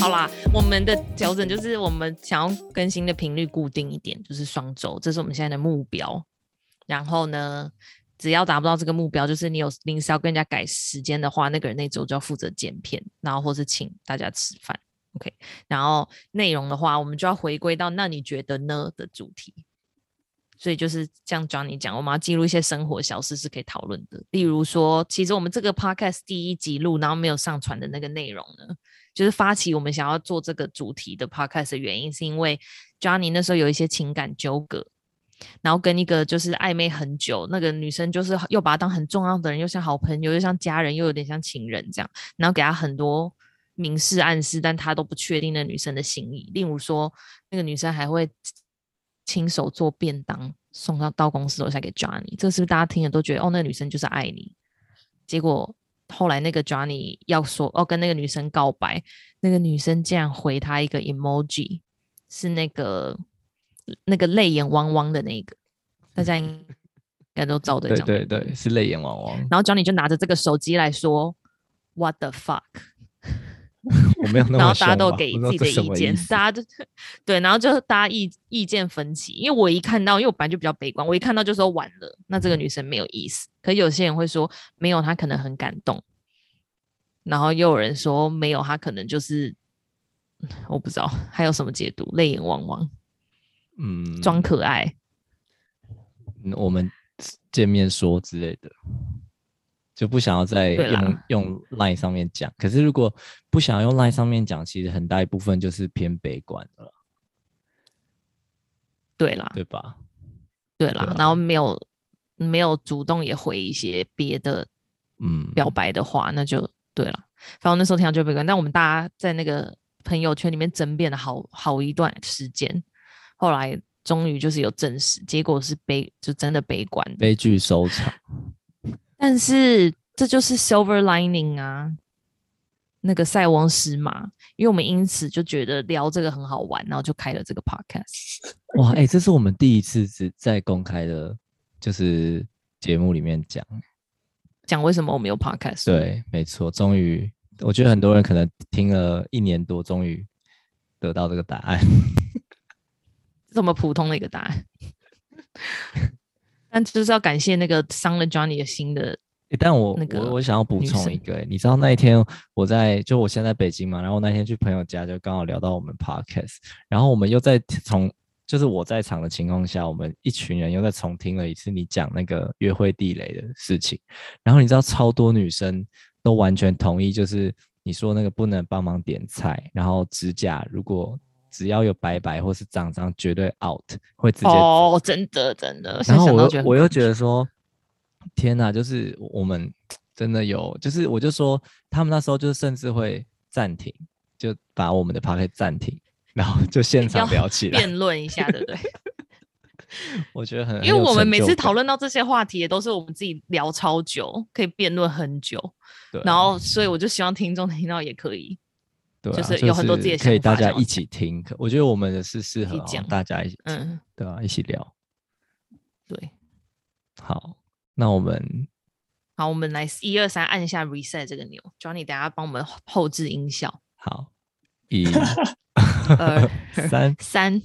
好啦，我們的調整就是我們想要更新的頻率固定一點，就是雙週，這是我們現在的目標。然後呢，只要達不到這個目標，就是你有臨時要跟人家改時間的話，那個人那週就要負責剪片，然後或是請大家吃飯。OK，然後內容的話，我們就要回歸到“那你覺得呢”的主題。所以就是像 Johnny 講，我們要記錄一些生活小事是可以討論的。例如說，其實我們這個 podcast 第一集錄然後沒有上傳的那個內容呢，就是發起我們想要做這個主題的 podcast 的原因，是因為 Johnny 那時候有一些情感糾葛，然後跟一個就是曖昧很久那個女生，就是又把她當很重要的人，又像好朋友，又像家人，又有點像情人這樣，然後給她很多明示暗示，但她都不確定那女生的心意。例如說，那個女生還會。親手做便當送到到公司樓下給 Johnny，這個是不是大家聽了都覺得哦，那個女生就是愛你？結果後來那個 Johnny 要說哦跟那個女生告白，那個女生竟然回他一個 emoji 是那個那個淚眼汪汪的那個，大家應該都知道。 對對對，是淚眼汪汪。然後 Johnny 就拿着這個手機來說 "What the fuck"。 我沒有然後大家都給自己的意見，意大家對，然後就大家意意見分歧。因為我一看到，因為我本來就比較悲觀，我一看到就說完了，那這個女生沒有意思。可是有些人會說沒有，她可能很感動。然後又有人說沒有，她可能就是我不知道還有什麼解讀，淚眼汪汪，嗯，裝可愛。嗯，我們見面說之類的。就不想要再用用 line 上面講，可是如果不想要用 line 上面講，其實很大一部分就是偏悲觀的了。對啦，對吧？對啦，對啦，然後沒有沒有主動也回一些別的嗯表白的話，嗯、那就對了。反正那時候聽到就悲觀，但我們大家在那個朋友圈裡面爭辯了好好一段時間，後來終於就是有證實，結果是悲，就真的悲觀的，悲劇收場。但是這就是 silver lining 啊，那個塞翁失馬，因為我們因此就覺得聊這個很好玩，然後就開了這個 podcast。哇，哎、欸，這是我們第一次在公開的，就是節目裡面講 講為什麼我沒有 podcast。對，沒錯，終於，我覺得很多人可能聽了一年多，終於得到這個答案， 這麼普通的一個答案。 但就是要感謝那個傷了 Johnny 的心的、欸，但我我我想要補充一個、欸，你知道那一天我在就我現在在北京嘛，然後那天去朋友家就剛好聊到我們 Podcast，然後我們又在從就是我在場的情況下，我們一群人又在重聽了一次你講那個約會地雷的事情，然後你知道超多女生都完全同意，就是你說那個不能幫忙點菜，然後指甲如果。只要有白白或是長長，絕對 out，會直接哦，oh, 真的真的。然後我又我，我又覺得說，天哪，啊，就是我們真的有，就是我就說，他們那時候就甚至會暫停，就把我們的 party 暫停，然後就現場聊起來，辯論一下，對不對 ？ 我覺得很，因為我們每次討論到這些話題，也都是我們自己聊超久，可以辯論很久。然後所以我就希望聽眾聽到也可以。對、啊，就是有很多自己的，可以大家一起聽。我覺得我們是適合大家一起，嗯，對吧、啊，一起聊。對，好，那我們，好，我們來 1, 2, 按一二三按一下 reset 這個鈕。Johnny，等下幫我們後置音效。好，一、 二三、三、三。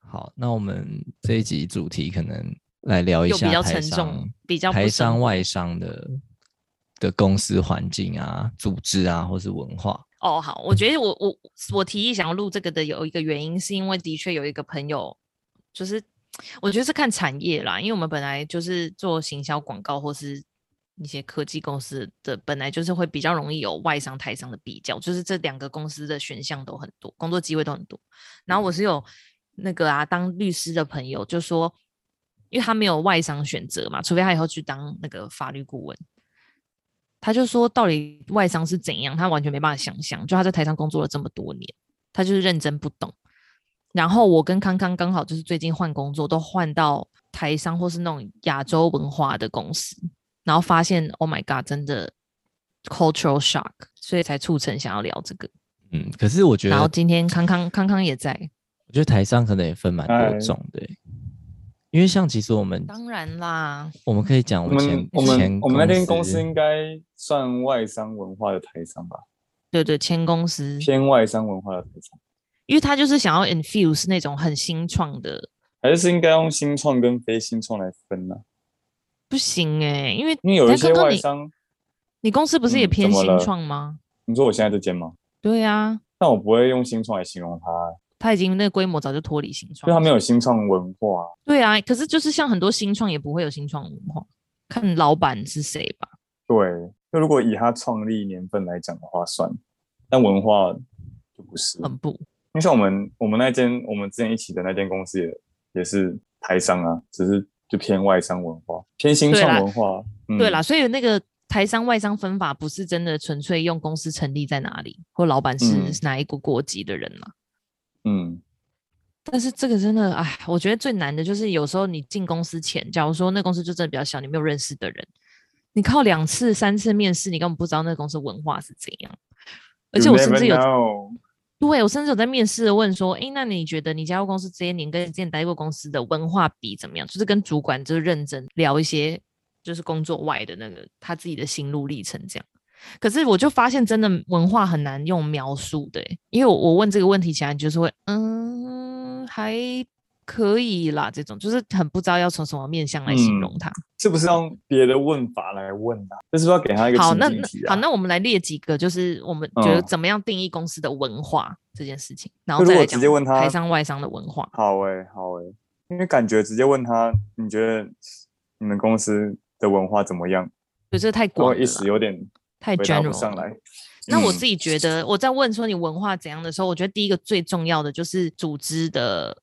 好，那我們這一集主題可能來聊一下比較沉重、比較台商外商的。的公司環境啊、組織啊，或是文化哦。好，我覺得我我我提議想要錄這個的有一個原因，是因為的確有一個朋友，就是我覺得是看產業啦，因為我們本來就是做行銷廣告或是一些科技公司的，本來就是會比較容易有外商台商的比較，就是這兩個公司的選項都很多，工作機會都很多。然後我是有那個啊當律師的朋友，就說，因為他沒有外商選擇嘛，除非他以後去當那個法律顧問。他就說，到底外商是怎樣？他完全沒辦法想象。就他在台商工作了這麼多年，他就是認真不懂。然後我跟康康剛好就是最近換工作，都換到台商或是那種亞洲文化的公司，然後發現 Oh my God，真的 cultural shock，所以才促成想要聊這個。嗯，可是我覺得，然後今天康康康康也在，我覺得台商可能也分蠻多種。欸，對。因為像其實我們當然啦，我們可以講我，我們我們前我們那天公司應該算外商文化的台商吧？對對，前公司偏外商文化的台商，因為他就是想要 infuse 那種很新創的，還是應該用新創跟非新創來分呢、啊？不行哎、欸，因為你因為有一些外商，你，你公司不是也偏新創嗎、嗯？你說我現在這間嗎？對呀、啊，但我不會用新創來形容它。他已經那個規模早就脫離新創，就他沒有新創文化、啊。對啊，可是就是像很多新創也不會有新創文化，看老闆是誰吧。對，就如果以他創立年份來講的話算，但文化就不是很、嗯、不。你像我們我們那間我們之前一起的那間公司也也是台商啊，只是就偏外商文化、偏新創文化對、嗯。對啦，所以那個台商外商分法不是真的純粹用公司成立在哪裡或老闆是哪一個國籍的人嘛、啊。嗯嗯，但是這個真的，哎，我覺得最難的就是有時候你進公司前，假如說那公司就真的比較小，你沒有認識的人，你靠兩次三次面試，你根本不知道那公司文化是怎樣。而且我甚至有，對，我甚至有在面試問說，誒，那你覺得你加入公司這些年，跟之前待過公司的文化比怎麼樣？就是跟主管就是認真聊一些，就是工作外的那個他自己的心路歷程這樣。可是我就發現，真的文化很難用描述的。欸，因為我我問這個問題，起來，就是會，嗯，還可以啦，這種就是很不知道要從什麼面向來形容它。嗯，是不是用別的問法來問他？啊，就是說給他一個情境題。啊，好，那那好，那我們來列幾個，就是我們覺得怎麼樣定義公司的文化這件事情，嗯，然後再問他。台商外商的文化。好誒，好誒，欸欸。因為感覺直接問他，你覺得你們公司的文化怎麼樣？就是太廣了，意思有點。太 general 了。那我自己覺得我、嗯，我在問說你文化怎樣的時候，我覺得第一個最重要的就是組織的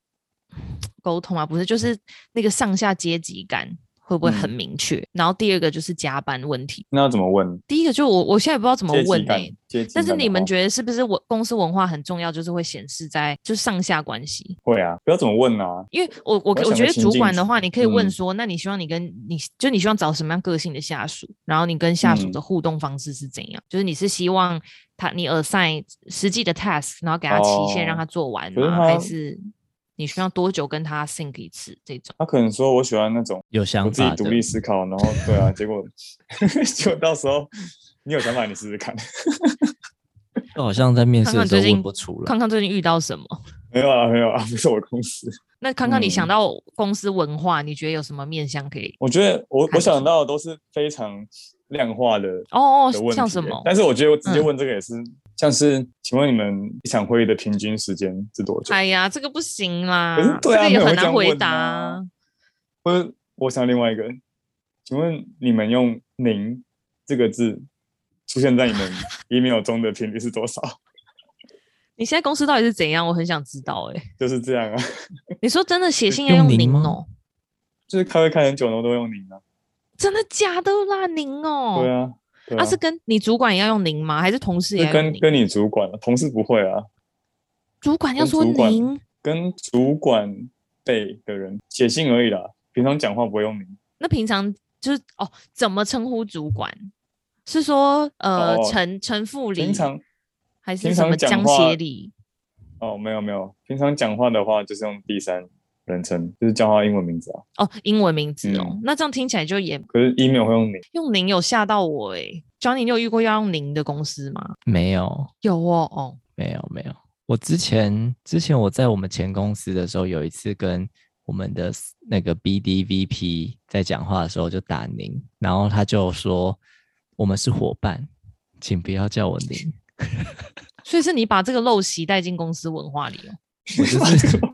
溝通啊，不是，就是那個上下階級感。會不會很明確、嗯？然後第二個就是加班問題。那要怎麼問？第一個就我我現在不知道怎麼問哎、欸，但是你們覺得是不是我公司文化很重要？就是會顯示在就是上下關係。會啊，不要怎麼問呢、啊？因為我我我，我覺得主管的話，你可以問說、嗯：那你希望你跟你就你希望找什麼樣個性的下屬、嗯？然後你跟下屬的互動方式是怎樣？嗯、就是你是希望他你 assign 實際的 task，然後給他期限讓他做完嗎？哦、然後還是？你需要多久跟他 sync 一次？這種他可能說，我喜歡那種有想法，自己獨立思考，然後對啊，結果 結果，到時候你有想法，你試試看。 好像在面試的時候問不出了？康康最，最近遇到什麼？沒有啊，沒有啊，不是我的公司。 那康康，你想到公司文化、 嗯，你覺得有什麼面向可以？我覺得我我想到的都是非常量化的哦哦的，像什麼？但是我覺得我直接問這個也是、嗯。像是，請問你們一場會議的平均時間是多久？哎呀，這個不行啦，對啊、這個也很難回答。我、啊、我想另外一個，請問你們用“您”這個字出現在你們 email 中的頻率是多少？ 你現在公司到底是怎樣？我很想知道、欸。哎，就是這樣啊。你說真的，寫信要用“您”哦？就是開會開很久，都都用“您”啊？真的假的啦，您哦。對啊。啊，啊，是跟你主管也要用您嗎？還是同事也？跟、跟你主管，同事不會啊。主管要說您。跟主管，跟主管對的人寫信而已啦，平常講話不會用您。那平常就是哦，怎麼稱呼主管？是說呃陳、陳副理還是什麼江協理？哦，沒有沒有，平常講話的話就是用第三。人稱就是叫他英文名字啊？哦，英文名字哦，嗯、那這樣聽起來就也可是 email 會用您。用您有嚇到我哎，Johnny，你有遇過要用您的公司嗎？沒有，有哦哦，沒有沒有，我之前之前我在我們前公司的時候，有一次跟我們的那個 BDVP 在講話的時候就打您，然後他就說我們是夥伴，請不要叫我您， 所以是你把這個陋習帶進公司文化裡了。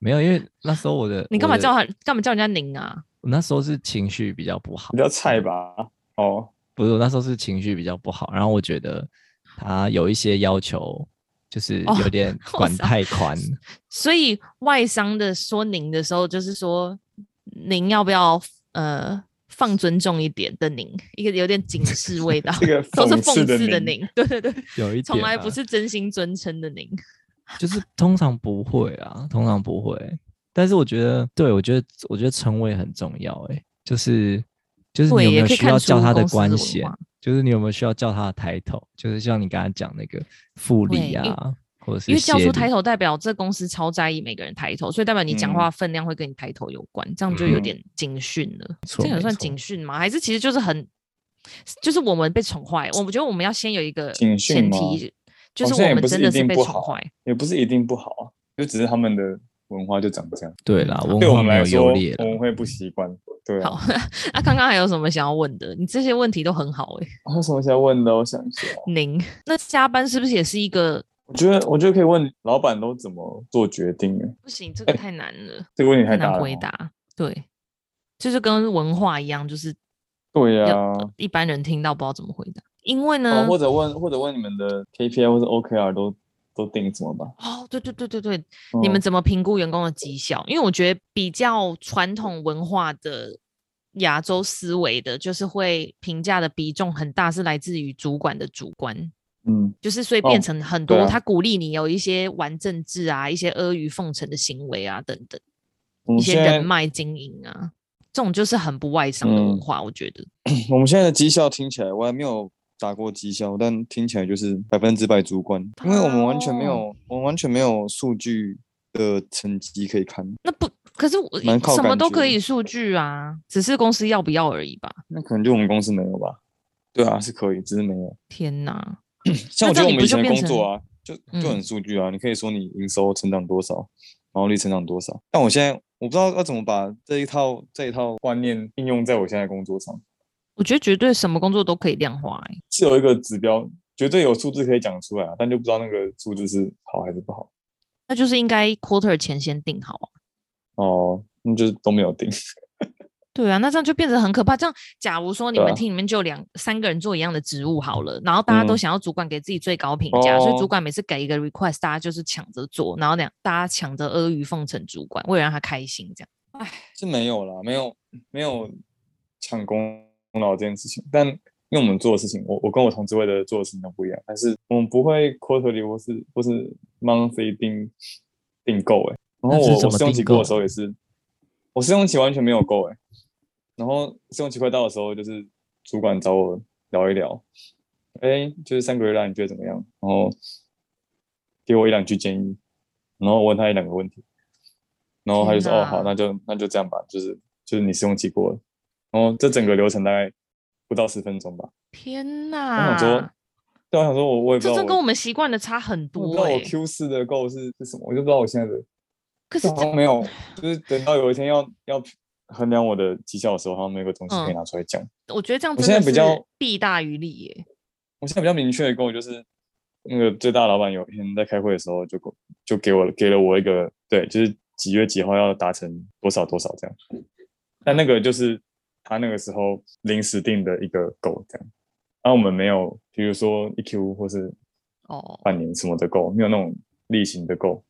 沒有，因為那時候我的你幹嘛叫他？幹嘛叫人家您啊？我那時候是情緒比較不好，比較菜吧？哦、oh.，不是，我那時候是情緒比較不好，然後我覺得他有一些要求，就是有點管太寬、oh,。所以外商的說“您”的時候，就是說“您要不要呃放尊重一點的您”，一個有點警示味道， 這個都是諷刺的您“您、 啊”，對對對，從來不是真心尊稱的“您”。 就是通常不會啊，通常不會、欸。但是我覺得，對我覺得，我覺得稱謂很重要、欸。誒，就是就是你有沒有需要叫他的關係？就是你有沒有需要叫他的抬頭？就是像你剛才講那個副理啊，或是、欸、因為叫出抬頭代表這公司超在意每個人抬頭，所以代表你講話分量會跟你抬頭有關。嗯、這樣就有點警訊了。嗯、這樣、個、算警訊嗎？還是其實就是很就是我們被寵壞？我們覺得我們要先有一個前提。好、就、像、是哦、也不是一定不好，也不是一定不好啊，就只是他們的文化就長這樣。對了、啊，對我們來說，我們會不習慣。對、啊，好，那剛剛還有什麼想要問的？你這些問題都很好誒、欸。還有什麼想要問的？我想一下。您那加班是不是也是一個？我覺得，我覺得可以問老闆都怎麼做決定。不行，這個太難了，欸、這個問題太大了太難了，回答，對，就是跟文化一樣，就是對呀、啊呃，一般人聽到不知道怎麼回答。因為呢，哦、或者問或者問你們的 KPI 或者 OKR 都都定什麼吧？哦，對對對對對、嗯，你們怎麼評估員工的績效？因為我覺得比較傳統文化的亞洲思維的，就是會評價的比重很大，是來自於主管的主觀。嗯，就是所以變成很多他鼓勵你有一些玩，政治啊，嗯哦、啊一些阿諛奉承的行為啊等等，一些人脈經營啊，這種就是很不外商的文化，我覺得、嗯。我們現在的績效聽起來我還沒有打過績效，但聽起來就是百分之百主觀，因為我們完全沒有，Oh. 我們完全沒有數據的成績可以看。那不，可是我靠什麼都可以數據啊，只是公司要不要而已吧。那可能就我們公司沒有吧。對啊，是可以，只是沒有。天哪， 像我覺得我們以前的工作啊，就就，就很數據啊，嗯，你可以說你營收成長多少，毛利成長多少。但我現在我不知道要怎麼把這一套這一套觀念應用在我現在的工作上。我覺得絕對什麼工作都可以量化，欸，是有一個指標，絕對有數字可以講出來，啊，但就不知道那個數字是好還是不好。那就是應該 quarter 前先定好啊。哦，那就都沒有定。對啊，那這樣就變得很可怕。這樣，假如說你們廳，啊，裡面就兩三個人做一樣的職務好了，然後大家都想要主管給自己最高評價，嗯，所以主管每次給一個 request，大家就是搶着做，然後兩大家搶着阿諛奉承主管，為了讓他開心，這樣。哎，是沒有了，沒有沒有搶工。碰到這件事情，但因為我們做的事情，我我跟我同職位的做的事情都不一樣，但是我們不會 quarterly 或是或是 monthly 訂訂購欸，然後我我試用期過的時候也是，我試用期完全沒有夠欸，然後試用期快到的時候，就是主管找我聊一聊，哎，就是三個月啦，你覺得怎麼樣？然後給我一兩句建議，然後我問他一兩個問題，然後他就說，哦好，那就那就這樣吧，就是就是你試用期過了。哦，這整個流程大概不到十分鐘吧。天吶，我想說，對，我想說我也不知道我，我我這這跟我們習慣的差很多哎、欸。Q 四的 Goal 是是什麼？我就不知道我現在的。可是好像沒有，就是等到有一天要要衡量我的績效的時候，好像沒有個東西可以拿出來講。嗯、我覺得這樣。我現在比較弊大於利耶。我現在比較明確的跟我就是，那個最大老板有一天在開會的時候就給就給我給了我一個對，就是幾月幾號要達成多少多少這樣。但那個就是。嗯他那個時候臨時定的一個 goal 這樣，然、啊、後我們沒有，比如說一 Q 或是哦半年什麼的 goal、oh. 沒有那種例行的 goal，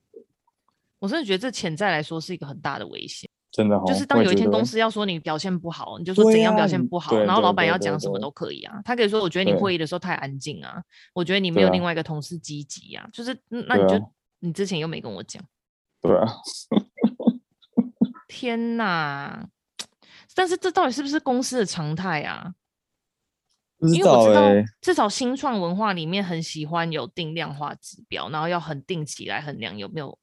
我真的覺得這潛在來說是一個很大的危險。真的好、哦，就是當有一天公司要說你表現不好，你就說怎樣表現不好，啊、然後老闆要講什麼都可以啊對對對。他可以說我覺得你會議的時候太安靜啊，我覺得你沒有另外一個同事積極啊。啊」就是那你就你之前又沒跟我講。對啊。 天哪。但是這到底是不是公司的常態啊、欸？因為我知道，至少新創文化裡面很喜歡有定量化指標，然後要很定期來衡量有沒有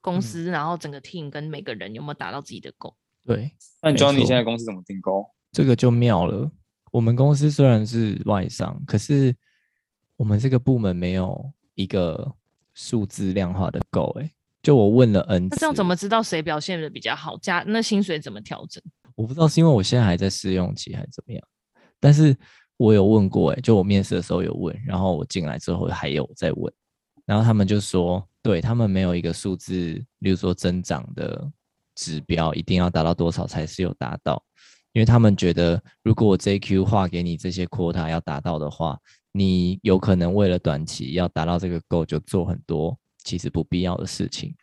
公司、嗯，然後整個 team 跟每個人有沒有達到自己的 goal。對，那你知道你現在公司怎麼定 goal？這個就妙了。我們公司雖然是外商，可是我們這個部門沒有一個數字量化的 goal，欸。就我問了 n 次，那這樣怎麼知道誰表現得比較好？加那薪水怎麼調整？我不知道是因為我現在還在試用期還是怎麼樣，但是我有問過，哎，就我面試的時候有問，然後我進來之後還有在問，然後他們就說，對他們沒有一個數字，例如說增長的指標一定要達到多少才是有達到，因為他們覺得如果我 JQ 劃給你這些 quota 要達到的話，你有可能為了短期要達到這個 goal 就做很多其實不必要的事情，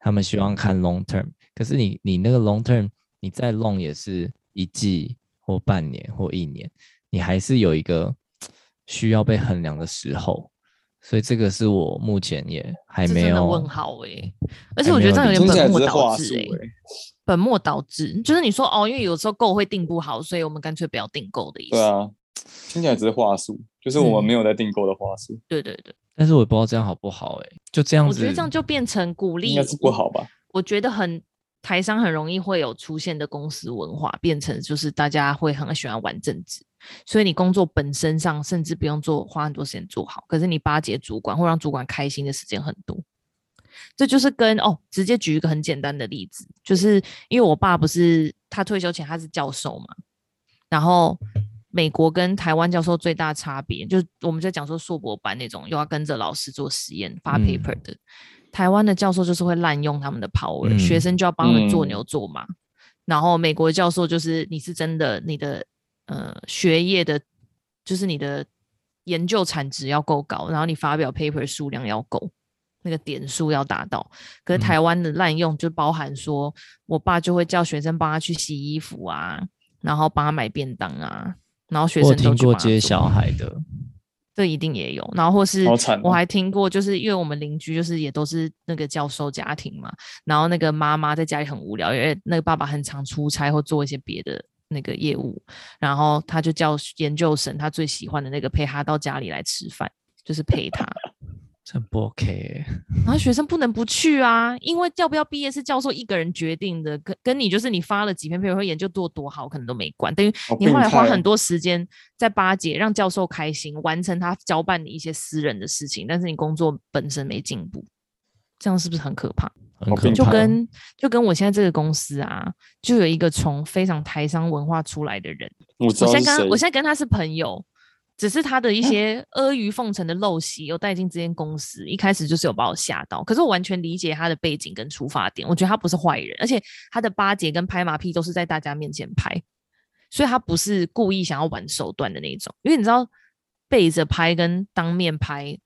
他們希望看 long term，可是你你那個 long term 你再弄也是一季或半年或一年，你還是有一個需要被衡量的時候，所以這個是我目前也還沒有這樣的問號誒、欸，而且我覺得這樣有點本末倒置誒、欸欸。本末倒置就是你說哦，因為有時候購會訂不好，所以我們乾脆不要訂購的意思。對啊，聽起來只是話術，就是我們沒有在訂購的話術。對，對對對，但是我也不知道這樣好不好誒、欸。就這樣子。我覺得這樣就變成鼓勵，應該是不好吧？我覺得很。台商很容易會有出現的公司文化，變成就是大家會很喜歡玩政治，所以你工作本身上甚至不用做花很多時間做好，可是你巴結主管會讓主管開心的時間很多。這就是跟哦，直接舉一個很簡單的例子，就是因為我爸不是他退休前他是教授嘛，然後美國跟台灣教授最大差別，就是我們在講說碩博班那種，又要跟着老師做實驗發 paper 的。嗯台灣的教授就是會濫用他們的 power，嗯，學生就要幫他們做牛做馬，嗯。然後美國的教授就是你是真的，你的呃學業的，就是你的研究產值要夠高，然後你發表 paper 數量要夠，那個點數要達到。可是台灣的濫用就包含說我爸就會叫學生幫他去洗衣服啊，然後幫他買便當啊，然後學生都做。我有聽過接小孩的。這一定也有，然後或是我還聽過，就是因為我們鄰居就是也都是那個教授家庭嘛，然後那個媽媽在家裡很無聊，因為那個爸爸很常出差或做一些別的那個業務，然後他就叫研究生，他最喜歡的那個陪他到家裡來吃飯，就是陪他。 這不 OK 欸，然後學生不能不去啊，因為要不要畢業是教授一個人決定的，跟跟你就是你發了幾篇 paper，研究做多好，可能都沒關。等於你後來花很多時間在巴結，讓教授開心，完成他交辦你一些私人的事情，但是你工作本身沒進步，這樣是不是很可怕？很可怕。就跟就跟我現在這個公司啊，就有一個從非常台商文化出來的人，我，我現跟我現在跟他是朋友。只是他的一些阿諛奉承的陋習，又帶進這間公司，一開始就是有把我嚇到。可是我完全理解他的背景跟出發點，我覺得他不是壞人，而且他的巴結跟拍馬屁都是在大家面前拍，所以他不是故意想要玩手段的那種。因為你知道，背着拍跟當面拍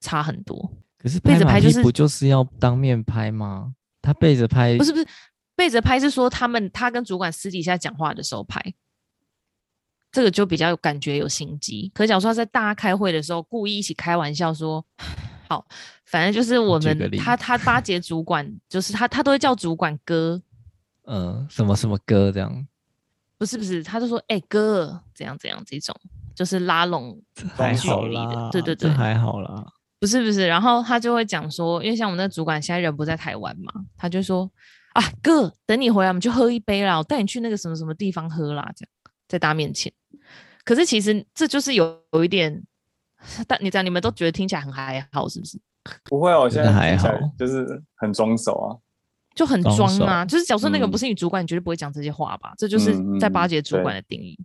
差很多。可是、就是嗯、背着拍就是不就是要當面拍嗎？他背着拍不是不是？背着拍是說他們他跟主管私底下講話的時候拍。這個就比較有感覺，有心機。可是假如說他在大家開會的時候，故意一起開玩笑說：“好，反正就是我們他他巴結主管，就是他他都會叫主管哥，嗯，什麼什麼哥這樣。”不是不是，他就說：“哎、欸、哥，怎樣怎樣這種，就是拉攏，還好啦，對對對，還好啦。”不是不是，然後他就會講說，因為像我們那主管現在人不在台灣嘛，他就說：“啊哥，等你回來、啊，我們就喝一杯啦，我帶你去那個什麼什麼地方喝啦，這樣。”在大家面前，可是其實這就是有有一點，但你講你們都覺得聽起來很還好，是不是？不會，哦，現在、啊、還好，就是很裝熟啊，就很裝啊，就是假設那個不是你主管，嗯、你絕對不會講這些話吧？這就是在巴結主管的定義、嗯，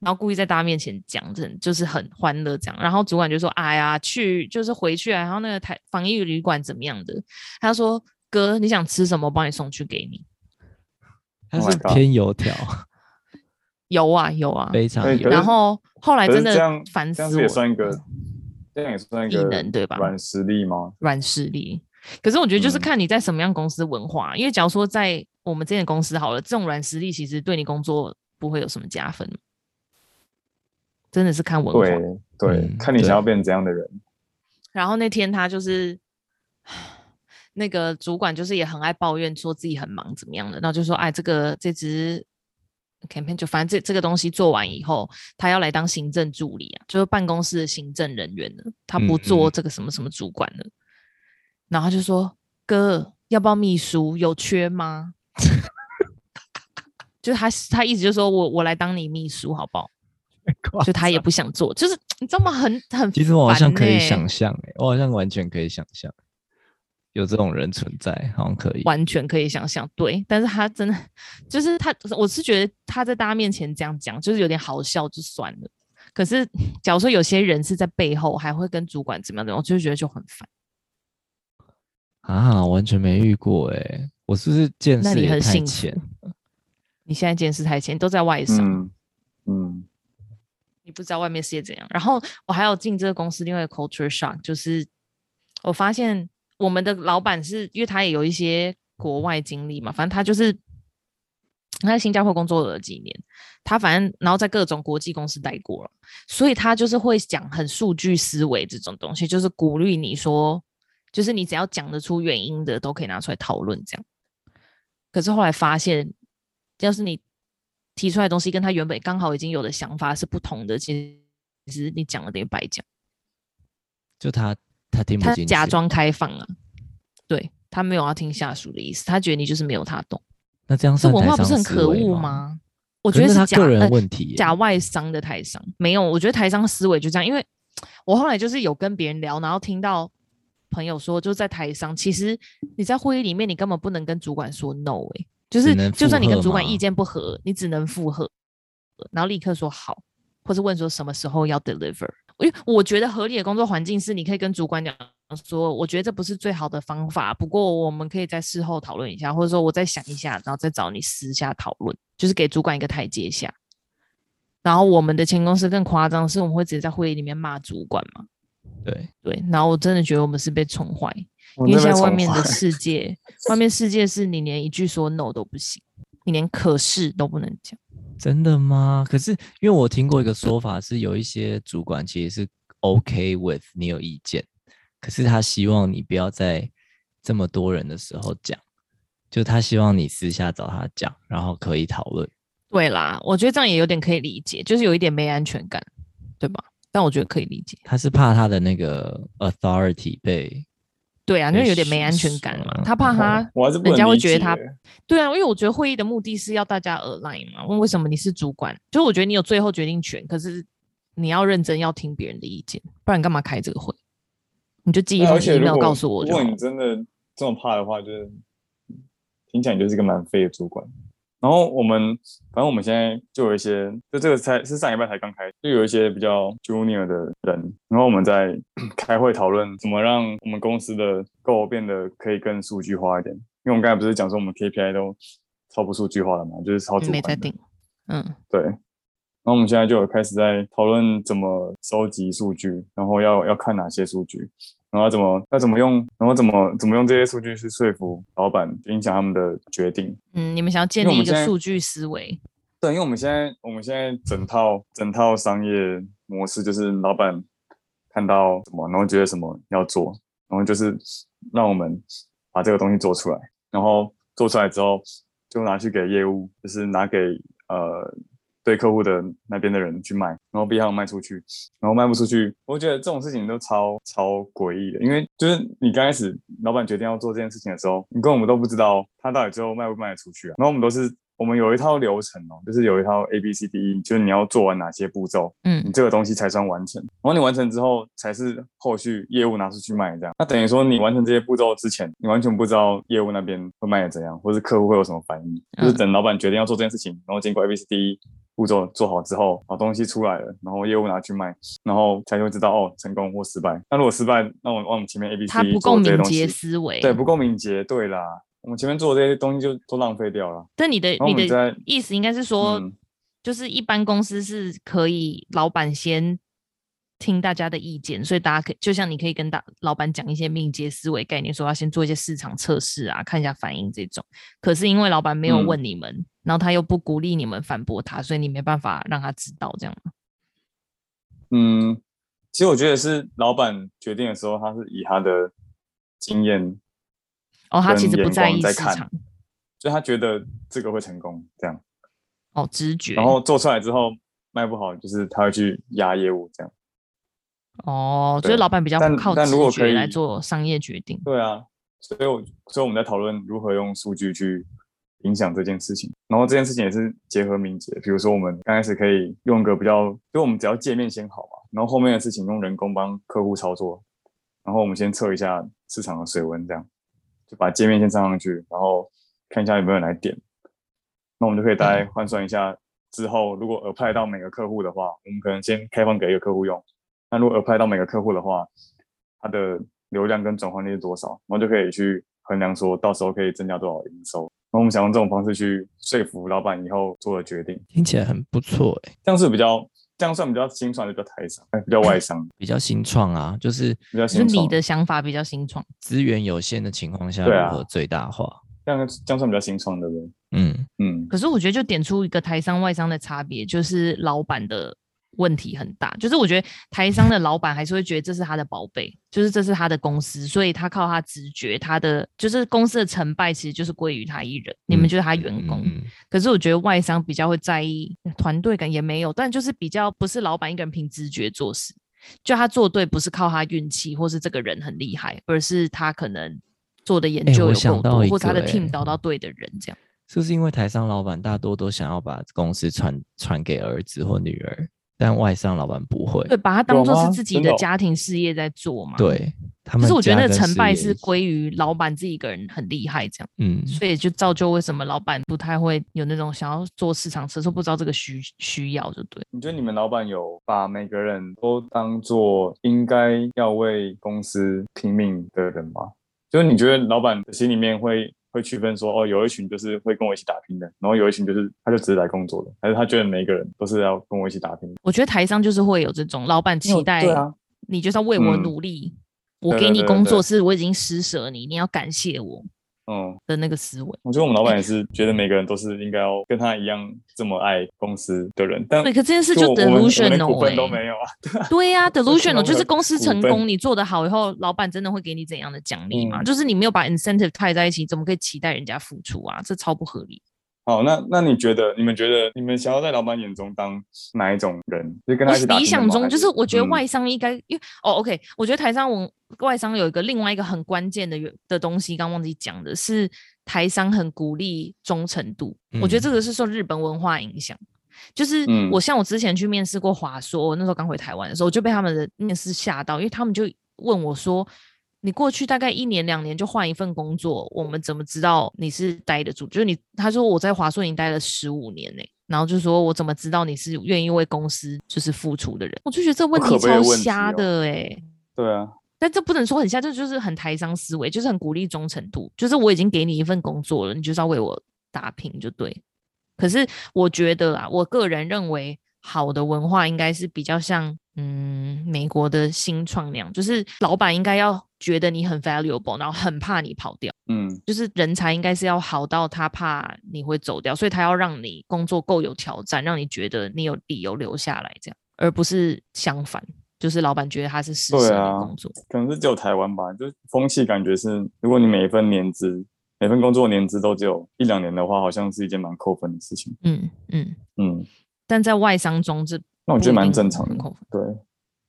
然後故意在大家面前講，這就是很歡樂這樣。然後主管就說：“哎呀，去就是回去啊。”然後那個台防疫旅館怎麼樣的？他說：“哥，你想吃什麼？我幫你送去給你。Oh 他說”他是偏油條。有啊有啊，非常有。然後後來真的是這樣煩死我，這樣也算一個，這樣也算一個，對吧？軟實力嗎？軟實力。可是我覺得就是看你在什麼樣公司文化、啊嗯，因為假如說在我們這樣的公司好了，這種軟實力其實對你工作不會有什麼加分。真的是看文化，對，對嗯、看你想要變成怎樣的人。然後那天他就是那個主管，就是也很愛抱怨，說自己很忙怎麼樣的，然後就說：“哎，這個這只。” camp 就反正，這這個東西做完以後，他要來當行政助理啊，就是辦公室的行政人員了。他不做這個什麼什麼主管了。嗯嗯，然後他就說：“哥，要不要秘書？有缺嗎？” 就他他一直就說：“我我來當你秘書，好不好？”就他也不想做，就是你知道嗎？很很、欸，其實我好像可以想象，哎，我好像完全可以想象。有這種人存在，好像可以，完全可以想象。對，但是他真的就是他，我是覺得他在大家面前這樣講，就是有點好笑，就算了。可是，假如說有些人是在背後，還會跟主管怎麼樣的，我就覺得就很煩。啊，完全沒遇過哎、欸，我是不是見識也太淺？你，你現在見識太淺，都在外商。嗯。嗯。你不知道外面世界怎樣。然後我還有進這個公司，另外一個 culture shock，就是我發現。我們的老闆是因為他也有一些國外經歷嘛，反正他就是他在新加坡工作了幾年，他反正然後在各種國際公司待過了，所以他就是會講很數據思維這種東西，就是鼓勵你說，就是你只要講得出原因的都可以拿出來討論這樣。可是後來發現，要是你提出來的東西跟他原本剛好已經有的想法是不同的，其實其實你講了等於白講。就他，他，他假裝開放啊，對他沒有要聽下屬的意思，他覺得你就是沒有他懂。那這樣是文化不是很可惡嗎？我覺得是個人問題，假外商的台商沒有。我覺得台商思維就這樣，因為，我後來就是有跟別人聊，然後聽到朋友說，就在台商，其實你在會議裡面，你根本不能跟主管說 no，欸，就是就算你跟主管意見不合，你只能附和，然後立刻說好，或是問說什麼時候要 deliver。因為我覺得合理的工作環境是你可以跟主管講說，我覺得這不是最好的方法，不過我們可以在事後討論一下，或者說我再想一下，然後再找你私下討論，就是給主管一個台階下。然後我們的前公司更誇張的是我們會直接在會議裡面罵主管嘛？對對。然後我真的覺得我們是被寵壞，壞，因為現在外面的世界， 外面世界是你連一句說 no 都不行，你連可是都不能講。真的嗎？可是因為我聽過一個說法，是有一些主管其實是 OK with 你有意見，可是他希望你不要在這麼多人的時候講，就他希望你私下找他講，然後可以討論。對啦，我覺得這樣也有點可以理解，就是有一點沒安全感，對吧？但我覺得可以理解。他是怕他的那個 authority 被。對啊，因為有點沒安全感嘛，是他怕他、嗯，人家會覺得他。對啊，因為我覺得會議的目的是要大家 align 嘛，問為什麼你是主管，就我覺得你有最後決定權，可是你要認真要聽別人的意見，不然你幹嘛開這個會？你就記一方得，你有沒有告訴我、啊如。如果你真的這麼怕的話，就是聽起來你就是一個蠻廢的主管。然後我們，反正我們現在就有一些，就這個才，是上禮拜才剛開，就有一些比較 junior 的人，然後我們在開會討論怎麼讓我們公司的 goal 變得可以更數據化一點，因為我們剛才不是講說我們 KPI 都超不數據化的嘛，就是超級沒在定，嗯，對。然後我們現在就有開始在討論怎麼收集數據，然後要要看哪些數據。然後怎麼？那怎麼用？然後怎麼怎麼用這些數據去說服老闆，影響他們的決定？嗯，你們想要建立一個數據思維。對，因為我們現在，我們現在整套整套商業模式就是老闆看到什麼，然後覺得什麼要做，然後就是讓我們把這個東西做出來，然後做出來之後就拿去給業務，就是拿給，呃，對客戶的那邊的人去賣，然後逼他們賣出去，然後賣不出去，我覺得這種事情都超超詭異的，因為就是你剛開始老板決定要做這件事情的時候，你跟我們都不知道他到底最後賣不賣得出去啊，然後我們都是。我們有一套流程哦，就是有一套 A B C D E，就是你要做完哪些步驟，嗯，你這個東西才算完成。然後你完成之後，才是後續業務拿出去賣這樣。那等於說，你完成這些步驟之前，你完全不知道業務那邊會賣的怎樣，或是客戶會有什麼反應，嗯，就是等老闆決定要做這件事情，然後經過 A B C D E 步驟做好之後，把東西出來了，然後業務拿去賣，然後才會知道哦，成功或失敗。那如果失敗，那我們往前面 A B C D E 做這些東西。他不夠敏捷思維，對，不夠敏捷，對啦。我們前面做的這些東西就都浪費掉了。那你的你的意思應該是說、嗯，就是一般公司是可以老闆先聽大家的意見，所以大家可以就像你可以跟大老闆講一些敏捷思維概念說，說要先做一些市場測試啊，看一下反應這種。可是因為老闆沒有問你們、嗯，然後他又不鼓勵你們反駁他，所以你沒辦法讓他知道這樣。嗯，其實我覺得是老闆決定的時候，他是以他的經驗。哦，他其實不在意市場在看、哦，所以他覺得這個會成功這樣。哦，直覺。然後做出來之後賣不好，就是他會去壓業務這樣。哦，所以老闆比較靠直覺，但但但如果可以來做商業決定。對啊，所以我所以我們在討論如何用數據去影響這件事情。然後這件事情也是結合敏捷，比如說我們剛開始可以用個比較，因為我們只要界面，先好嘛，然後後面的事情用人工幫客戶操作，然後我們先測一下市場的水溫這樣。就把界面先上上去，然後看一下有沒有人來點。那我們就可以大概換算一下，之後如果 apply 到每個客戶的話，我們可能先開放給一個客戶用。那如果 apply 到每個客戶的話，他的流量跟轉換率是多少，我們就可以去衡量說，說到時候可以增加多少營收。那我們想用這種方式去說服老板以後做的決定，聽起來很不錯誒、欸，這樣是比較。江算比較新創，就台商、欸，比較外商， 比較新創啊，就是比較新、就是你的想法比較新創。資源有限的情況下，如何最大化？啊、這樣算比較新創的，對不對？嗯嗯。可是我覺得就點出一個台商、外商的差別，就是老板的。問題很大，就是我覺得台商的老板還是會覺得這是他的寶貝， 就是這是他的公司，所以他靠他直覺，他的就是公司的成敗其實就是歸於他一人。你們就是他員工、嗯嗯，可是我覺得外商比較會在意團隊感也沒有，但就是比較不是老板一個人憑直覺做事，就他做對不是靠他運氣或是這個人很厲害，而是他可能做的研究有夠多，欸欸、或者他的 team 找到對的人，這樣是不是因為台商老板大多都想要把公司傳傳給兒子或女兒？但外商老闆不會，對，把他當做是自己的家庭事業在做嘛？啊哦、對，就是我覺得那個成敗是歸於老闆自己一個人很厲害這樣，嗯，所以就造就為什麼老闆不太會有那種想要做市場車，說不知道這個需需要就對。你覺得你們老闆有把每個人都當做應該要為公司拼命的人嗎？就是你覺得老闆的心裡面會？會區分說，哦，有一群就是會跟我一起打拼的，然後有一群就是他就只是來工作的。但是他覺得每一個人都是要跟我一起打拼的？我覺得台商就是會有這種老板期待對、啊，你就是要為我努力，嗯、我給你工作是我已經施舍你，你要感謝我。嗯的那個思維，我覺得我們老板也是覺得每個人都是應該要跟他一樣這麼愛公司的人， 但可這件事就 delusional 我連股份都沒有啊，對啊 delusional 就是公司成功你做得好以後，老板真的會給你怎樣的獎勵嘛，就是你沒有把 incentive 派在一起，怎麼可以期待人家付出啊？這超不合理。好，那那你覺得，你們覺得，你們想要在老板眼中當哪一種人，就跟他是理想中就是，我覺得外商應該、嗯，因為哦，OK，我覺得台商我外商有一個另外一個很關鍵的的的東西，剛剛忘記講的是台商很鼓勵忠誠度、嗯，我覺得這個是受日本文化影響，就是我、嗯、像我之前去面試過華碩，我那時候剛回台灣的時候我就被他們的面試嚇到，因為他們就問我說。你過去大概一年兩年就換一份工作，我們怎麼知道你是待得住？就是你他說我在華碩已經待了十五年嘞，欸，然後就說我怎麼知道你是願意為公司就是付出的人？我就覺得這問題超瞎的哎，欸哦。對啊，但這不能說很瞎，這就是很台商思維，就是很鼓勵忠誠度，就是我已經給你一份工作了，你就是要為我打拼就對。可是我覺得啊，我個人認為好的文化應該是比較像。嗯，美國的新創量就是老闆應該要覺得你很 valuable，然後很怕你跑掉。嗯，就是人才應該是要好到他怕你會走掉，所以他要讓你工作夠有挑戰，讓你覺得你有理由留下來，這樣，而不是相反，就是老闆覺得他是實實的對啊工作，可能是只有台灣吧，就是風氣感覺是，如果你每份年資、每份工作年資都只有一兩年的話，好像是一件蠻扣分的事情。嗯嗯嗯，但在外商中是，那我覺得蠻正常的，對，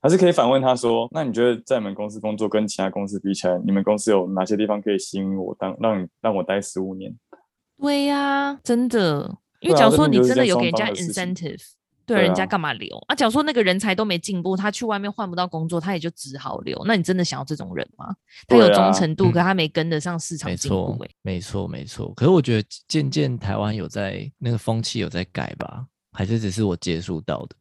還是可以反問他說：“那你覺得在你們公司工作跟其他公司比起來，你們公司有哪些地方可以吸引我當？當讓你讓我待十五年？”對呀、啊，真的，因為假如說你真的有給人家 incentive，對、啊、人家幹嘛留啊，啊？假如說那個人才都沒進步，他去外面換不到工作，他也就只好留。那你真的想要這種人嗎？他有忠誠度，啊、可他沒跟得上市場進步、欸嗯。沒錯，沒錯，沒錯。可是我覺得漸漸台灣有在那個風氣有在改吧？還是只是我接觸到的？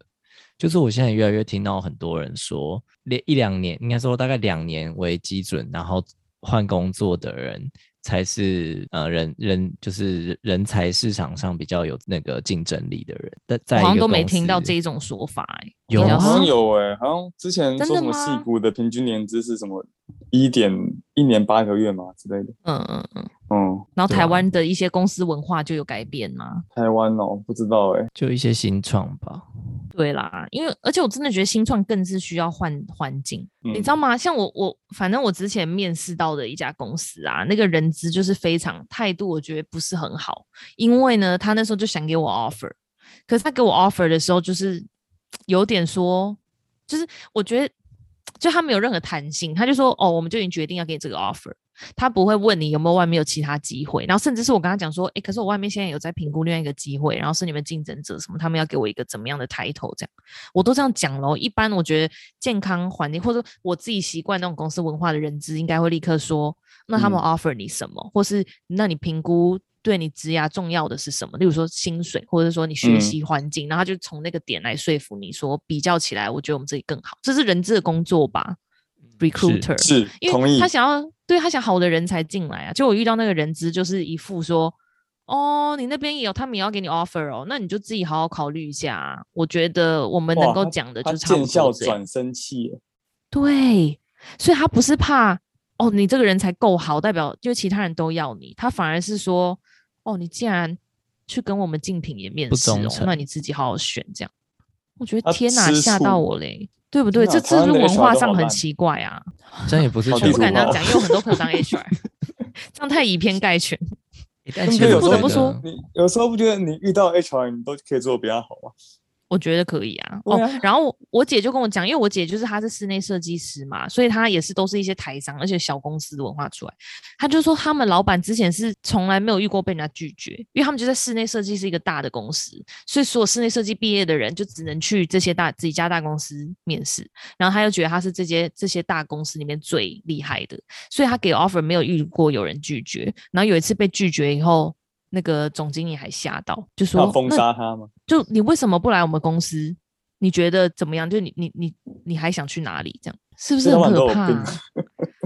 就是我現在越來越聽到很多人說，連一兩年，應該說大概兩年為基準，然後換工作的人才是呃人人就是人才市場上比較有那個競爭力的人。但在好像都沒聽到這一種說法哎、欸，有嗎好像有哎、欸，好像之前說什麼矽谷的平均年資是什麼？一點一年八個月嘛，之類的，嗯嗯嗯嗯，然後台灣的一些公司文化就有改變嗎？台灣哦，不知道誒、欸，就一些新創吧。對啦，因為而且我真的覺得新創更是需要換環境，你知道嗎？像我我反正我之前面試到的一家公司啊，那個人資就是非常態度，我覺得不是很好，因為呢，他那時候就想給我 offer，可是他給我 offer 的時候就是有點說，就是我覺得。就他沒有任何彈性，他就說哦，我們就已經決定要給你這個 offer，他不會問你有沒有外面有其他機會，然後甚至是我跟他講說，哎、欸，可是我外面現在有在評估另外一個機會，然後是你們競爭者什麼，他們要給我一個怎麼樣的 title，這樣我都這樣講咯。一般我覺得健康環境或者我自己習慣那種公司文化的認知，應該會立刻說，那他們 offer 你什麼，嗯、或是那你評估。對你職涯重要的是什麼？例如說薪水，或者說你學習環境，嗯、然後就從那個點來說服你說。說比較起來，我覺得我們自己更好。這是人資的工作吧？Recruiter、嗯、是，是，因為他想要對他想好的人才進來啊。就我遇到那個人資，就是一副說：“哦，你那邊也有，他們也要給你 offer 哦，那你就自己好好考慮一下、啊。”我覺得我們能夠講的就他他見笑轉生氣。對，所以他不是怕哦，你這個人才夠好，代表因為其他人都要你，他反而是說。哦，你竟然去跟我們競品也面試哦，那你自己好好選這樣。我覺得天哪，嚇到我嘞，對不對？這這就文化上很奇怪啊，好這也不是 我不敢這樣講，因為很多可以當 HR， 這樣太以偏概全。 但是不，不得不說，有時，你有時候不覺得你遇到 HR 你都可以做得比較好嗎？我覺得可以啊。哦、啊，oh, 然後我姐就跟我講，因為我姐就是她是室內設計師嘛，所以她也是都是一些台商，而且小公司文化出來。她就說他們老闆之前是從來沒有遇過被人家拒絕，因為他們就在室內設計是一個大的公司，所以所有室內設計畢業的人就只能去這些大幾家大公司面試。然後他又覺得他是這些這些大公司裡面最厲害的，所以他給 offer 沒有遇過有人拒絕。然後有一次被拒絕以後。那個總經理還嚇到，就說要封殺他嗎？就你為什麼不來我們公司？你覺得怎麼樣？就你你你你還想去哪裡？這樣是不是很可怕？啊？多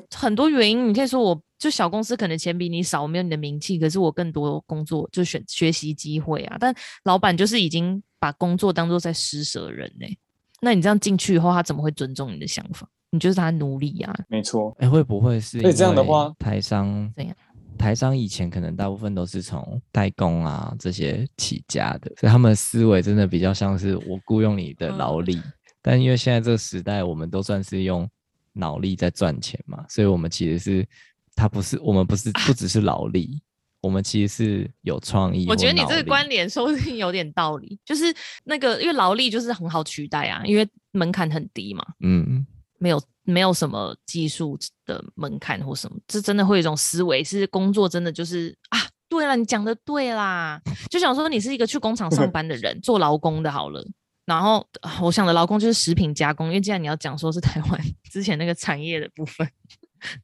很多原因，你可以說我，我就小公司可能錢比你少，我沒有你的名氣，可是我更多工作就學學習機會啊。但老闆就是已經把工作當做在施捨人嘞，欸。那你這樣進去以後，他怎麼會尊重你的想法？你就是他奴隸啊？沒錯。哎，欸，會不會是因為這樣的話台商。這樣。台商以前可能大部分都是從代工啊這些起家的，所以他們思維真的比較像是我雇傭你的勞力，嗯，但因為現在這個時代，我們都算是用腦力在賺錢嘛，所以我們其實是他不是我們不是、啊、不只是勞力，我們其實是有創意。我覺得你這個關聯說不定有點道理，就是那個因為勞力就是很好取代啊，因為門檻很低嘛。嗯，沒有。沒有什麼技術的門檻或什麼，這真的會有一種思維，是工作真的就是啊，對了，你講的對啦，就想說你是一個去工廠上班的人， 做勞工的好了。然後我想的勞工就是食品加工，因為既然你要講說是台灣之前那個產業的部分，